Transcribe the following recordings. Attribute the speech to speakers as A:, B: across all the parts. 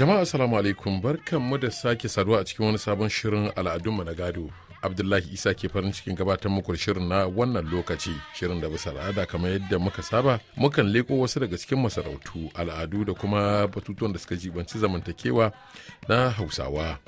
A: Jama'a assalamu alaikum barkanmu da sake saduwa a cikin wani sabon shirin al'adunmu na gado. Abdullahi Isa ke farin cikin gabatar muku shirin na wannan lokaci shirin da bisa al'ada kamar yadda muka saba mukan leko wasu daga cikin masarautu al'adu da kuma batutuwan da suka jibanci zamantakewa na Hausawa.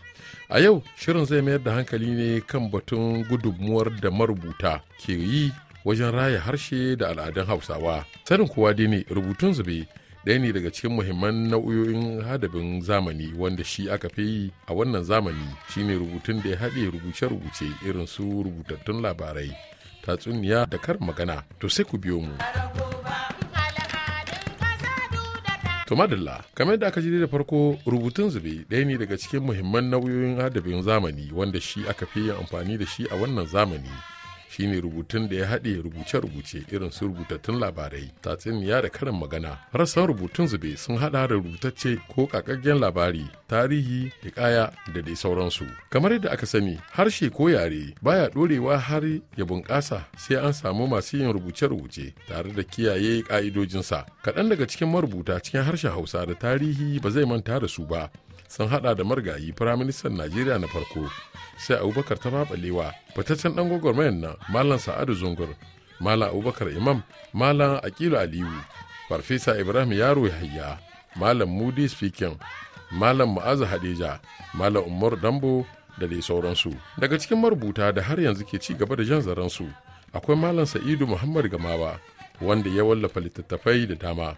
A: A yau shirin zai mayar da hankali ne kan batun gudunmuwar da marubuta ke yi wajen raya harshe da al'adun Hausawa. Sanin kowa dai ne rubutun zube ɗaya ne daga cikin muhimman nau'o'in hadabin zamani wanda shi aka fi yi a wannan zamani shine rubutun da ya haɗe rubuce-rubuce irin su rubutattun labarai tatsuniya da kar magana to sai ku biyo mu To kamar da aka ji da farko rubutun zube ɗaya ne daga cikin muhimman nau'o'in hadabin zamani wanda shi aka fi yin amfani da shi a wannan zamani shine rubutun da ya haɗe rubuce-rubuce irin su rubutattun labarai tatsuniya da karin magana rassan rubutun zube sun haɗa da rubutacce ko kakaggen labari tarihi kaya da dai sauransu kamar yadda aka sani harshe ko yare baya ɗorewa har ya bunƙasa sai an samu masu yin rubuce-rubuce tare da kiyaye ƙa'idojinsa kaɗan daga cikin marubuta cikin harshe hausa da tarihi ba zai manta da su ba sun haɗa da marigayi firaministan najeriya na farko sai abubakar ta maɓalewa fitaccen ɗan gwagwarmayar nan malam sa'adu zungur malam abubakar imam malam akilu aliyu farfesa ibrahim yaro yahaya malam mudi speaking malam ma'aza hadija malam umar dambo da dai sauransu daga cikin marubuta da har yanzu ke ci gaba da jan zaransu akwai malam sa'idu muhammad gamawa wanda ya wallafa littattafai da dama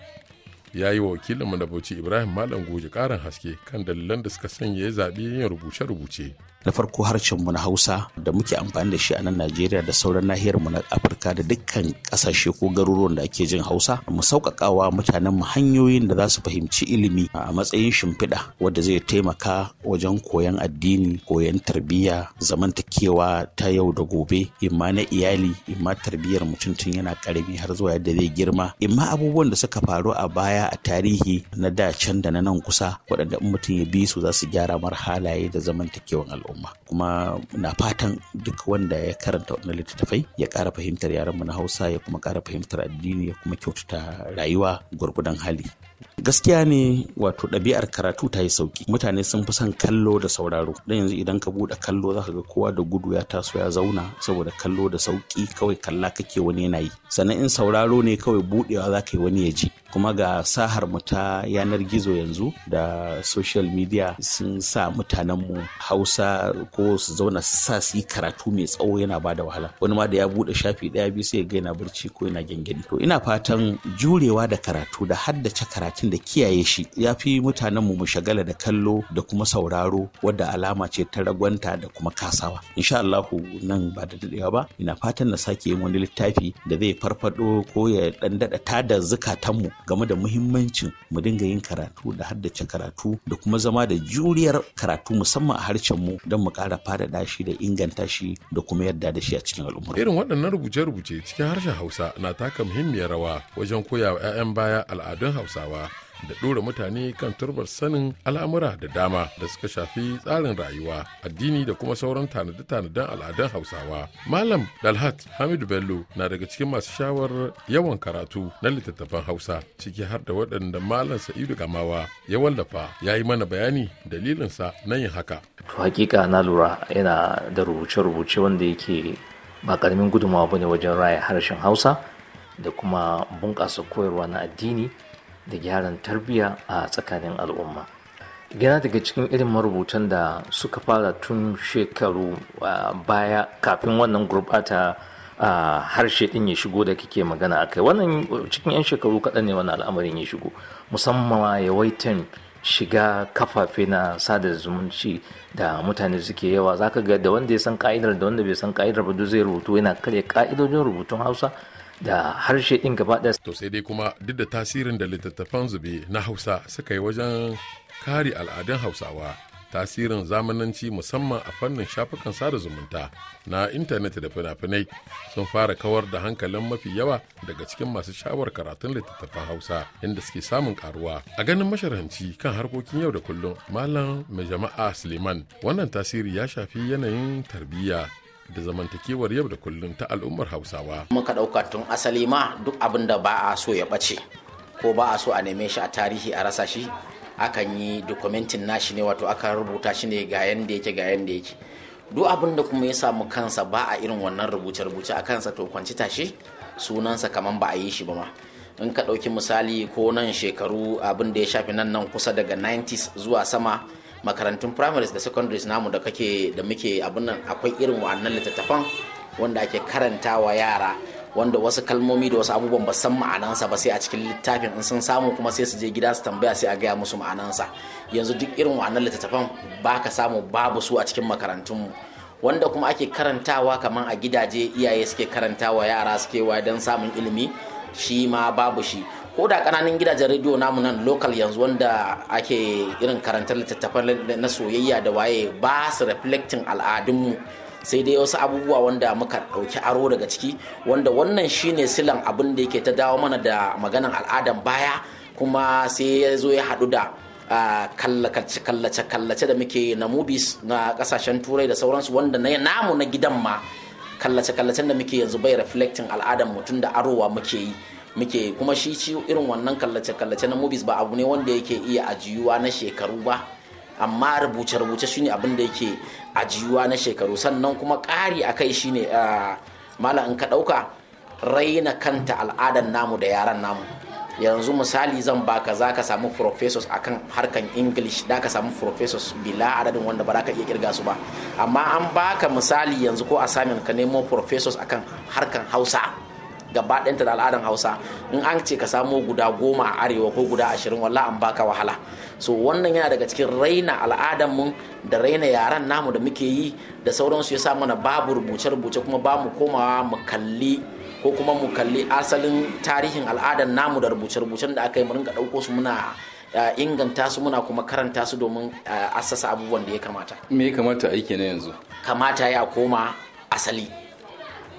A: ya yi wa wakilin mu da bauchi ibrahim malam goji karin haske kan dalilan da suka sanya ya zaɓi yin rubuce-rubuce
B: na farko harshen mu na hausa da muke amfani da shi a nan najeriya da sauran nahiyar mu na afirka da dukkan kasashe ko garuruwan da ake jin hausa mu sauƙaƙawa mutanen mu hanyoyin da za su fahimci ilimi a matsayin shimfiɗa wanda zai taimaka wajen koyon addini koyon tarbiyya zamantakewa ta yau da gobe imma na iyali imma tarbiyyar mutum tun yana karami har zuwa yadda zai girma imma abubuwan da suka faru a baya a tarihi na da can da na nan kusa waɗanda in mutum ya bi su za su gyara mar halaye da zamantakewan al'umma al'umma kuma na fatan duk wanda ya karanta wannan littattafai ya kara fahimtar yarenmu na hausa ya kuma kara fahimtar addini ya kuma kyautata rayuwa gwargwadon hali gaskiya ne wato ɗabi'ar karatu ta yi sauki mutane sun fi son kallo da sauraro don yanzu idan ka buɗe kallo zaka ga kowa da gudu ya taso ya zauna saboda kallo da sauki kawai kalla kake wani yana yi sannan in sauraro ne kawai buɗewa zaka yi wani ya ji kuma ga sahar mu ta yanar gizo yanzu da social media sun sa mutanen mu hausa ko su zauna sa su yi karatu mai tsawo yana ba da wahala wani ma da ya buɗe shafi ɗaya biyu sai ya ga barci ko yana gyangyaɗi to ina fatan jurewa da karatu da haddace karatu karatun da kiyaye shi ya fi mutanen mu shagala da kallo da kuma sauraro wadda alama ce ta ragwanta da kuma kasawa insha Allahu nan ba da dadewa ba ina fatan na sake yin wani littafi da zai farfado ko ya dan dada tada mu game da muhimmancin mu dinga yin karatu da haddace karatu da kuma zama da juriyar karatu musamman a harshen mu don mu kara fadada shi da inganta shi da kuma yadda da shi a cikin al'umma
A: irin waɗannan rubuce-rubuce cikin harshen Hausa na taka muhimmiyar rawa wajen koya wa 'ya'yan baya al'adun Hausawa ilmantarwa da ɗora mutane kan turbar sanin al'amura da dama da suka shafi tsarin rayuwa addini da kuma sauran tanade-tanaden al'adun hausawa malam dalhat hamidu bello na daga cikin masu shawar yawan karatu na littattafan hausa ciki har da waɗanda malam sa'idu gamawa ya wallafa ya yi mana bayani dalilinsa na yin haka to
B: hakika na lura yana da rubuce-rubuce wanda yake ba karamin gudunmawa bane wajen raya harshen hausa da kuma bunƙasa koyarwa na addini da gyaran tarbiyya a tsakanin al'umma gina daga cikin irin marubutan da suka fara tun shekaru baya kafin wannan gurbata a harshe din ya shigo da kake magana a kai, wannan cikin 'yan shekaru kaɗan ne wannan al'amarin ya shigo musamman yawaitan shiga kafafe na sada zumunci da mutane suke yawa zaka ga da wanda ya san ka'idar da wanda bai san ka'idar ba duk zai rubutu yana karya ka'idojin
A: rubutun hausa da harshe ɗin gaba ɗaya. To sai dai kuma duk da tasirin da littattafan zube na Hausa suka yi wajen kare al'adun Hausawa tasirin zamananci musamman a fannin shafukan sada zumunta na intanet da fina-finai sun fara kawar da hankalin mafi yawa daga cikin masu shawar karatun littattafan hausa inda suke samun karuwa a ganin masharhanci kan harkokin yau da kullum malam mai jama'a suleiman wannan tasiri ya shafi yanayin tarbiyya da zamantakewar yau da kullum ta al'ummar hausawa
C: muka ɗauka tun asali ma duk abin da ba a so ya ɓace ko ba a so a neme shi a tarihi a rasa shi akan yi dokumentin nashi ne wato aka rubuta shi ne ga yanda yake ga yanda yake duk abin da kuma ya samu kansa ba a irin wannan rubuce-rubuce a kansa to kwanci tashi sunansa kamar ba a yi shi ba ma in ka ɗauki misali ko nan shekaru abin da ya shafi nan nan kusa daga 90s zuwa sama makarantun primaries da secondaries namu da kake da muke abin nan akwai irin wa'annan littattafan wanda ake karantawa yara wanda wasu kalmomi da wasu abubuwan ba san ma'anansa ba sai a cikin littafin in sun samu kuma sai su je gida su tambaya sai a gaya musu ma'anansa yanzu duk irin wa'annan littattafan ba ka samu babu su a cikin makarantunmu wanda kuma ake karantawa kamar a gidaje iyaye suke karantawa yara suke wa don samun ilimi shi ma babu shi ko da kananan gidajen rediyo namu nan lokal yanzu wanda ake irin karantar littattafan na soyayya da waye ba su reflecting al'adunmu sai dai wasu abubuwa wanda muka ɗauki aro daga ciki wanda wannan shine silan abin da yake ta dawo mana da maganan al'adan baya kuma sai ya zo ya haɗu da kallace-kallace da muke na movies na kasashen turai da sauransu wanda na namu na gidan ma kallace-kallacen da muke yanzu bai reflecting al'adan mutum da arowa muke yi muke kuma shi ci irin wannan kallace-kallace na movies ba abu ne wanda yake iya ajiyuwa na shekaru ba amma rubuce-rubuce shine abin da yake ajiyuwa na shekaru sannan kuma ƙari a kai shine mala in ka ɗauka raina kanta al'adar namu da yaran namu yanzu misali zan baka za ka samu professors akan harkan english da ka samu professors bila adadin wanda ba za ka iya kirga su ba amma an baka misali yanzu ko a assignment ka nemo professors akan harkan hausa gaba ta da al'adan hausa in an ce ka samo guda goma a arewa ko guda ashirin walla an baka wahala so wannan yana daga cikin raina al'adar mu da raina yaran namu da muke yi da sauransu ya sa mana babu rubuce-rubuce kuma ba mu komawa mu kalli ko kuma mu kalli asalin tarihin al'adar namu da rubuce-rubucen da aka yi mu rinka ɗauko su muna inganta su muna kuma karanta su domin assasa abubuwan da ya kamata. Me ya kamata aiki na yanzu? Kamata ya koma asali.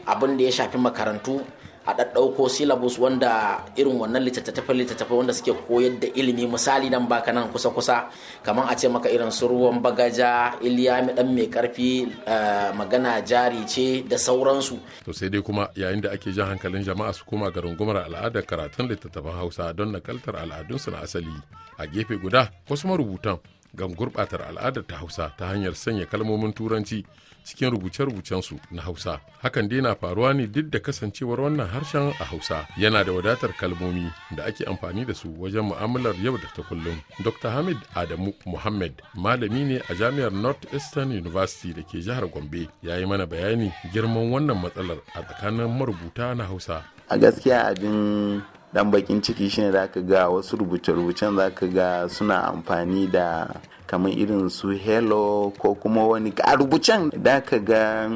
C: Abin da ya shafi makarantu a ɗaɗɗauko syllabus wanda irin wannan littattafai littattafai wanda suke koyar da ilimi misali nan baka nan kusa kusa kamar a ce maka irin su ruwan bagaja iliya ɗan mai ƙarfi eh, magana jari ce da sauransu
A: to sai dai kuma yayin da ake jan hankalin jama'a su koma ga rungumar al'adar karatun littattafan hausa don nakaltar al'adunsu na asali a gefe guda wasu marubutan gam gurɓatar al'adar ta hausa ta hanyar sanya kalmomin turanci cikin rubuce-rubucensu na hausa hakan dai na faruwa ne duk da kasancewar wannan harshen a hausa yana da wadatar kalmomi da ake amfani da su wajen mu'amalar yau da ta kullum dr hamid adamu muhammad malami ne a jami'ar north eastern university da ke jihar gombe ya yi mana bayani girman wannan matsalar a tsakanin marubuta na hausa
D: a gaskiya abin dan bakin ciki shine zaka ga wasu rubuce-rubucen zaka ga suna amfani da kamar irin su hello ko kuma wani a rubucen da ka ga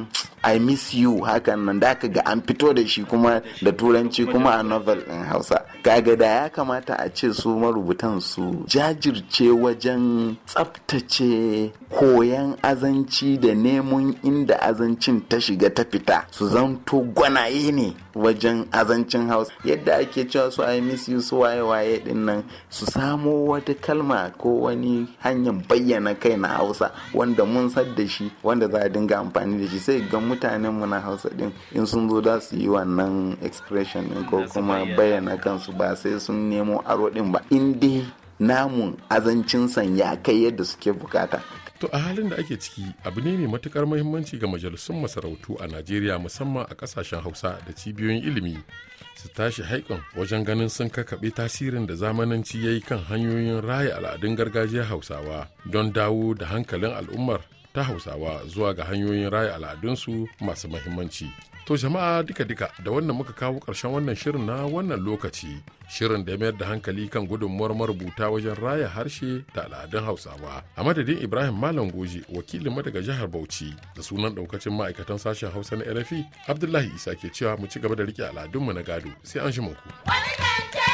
D: i miss you hakan nan da ka ga an fito da shi kuma da turanci kuma a novel din hausa kaga da ya kamata a ce su marubutan su jajirce wajen tsaftace koyan azanci da neman inda azancin ta shiga ta fita su zanto gwanaye ne wajen azancin hausa yadda ake cewa su i miss you su waye waye din su samo wata kalma ko wani hanyar bayyana kai na hausa wanda mun san da shi wanda za a dinga amfani da shi sai ga mutanen mu na hausa din in sun zo za su yi wannan expression din ko kuma bayyana kansu ba sai sun nemo aro din ba in dai namun san ya kai yadda suke bukata
A: To a halin da ake ciki abu ne mai matukar muhimmanci ga majalisun masarautu a Najeriya musamman a kasashen Hausa da cibiyoyin ilimi su tashi haikon wajen ganin sun kakaɓe tasirin da zamananci ya yi kan hanyoyin raya al'adun gargajiyar Hausawa don dawo da hankalin al'ummar ta Hausawa zuwa ga hanyoyin raya al'adunsu masu muhimmanci. To jama'a duka-duka da wannan muka kawo ƙarshen wannan shirin na wannan lokaci. Shirin da mayar da hankali kan gudunmuwar marubuta wajen raya harshe da al'adun Hausawa. A madadin Ibrahim Malam Goji, wakilin ma daga jihar Bauchi, da sunan ɗaukacin ma'aikatan sashen Hausa na RFI, Abdullahi Isa ke cewa mu ci gaba da riƙe al'adunmu na gado. Sai an shi muku.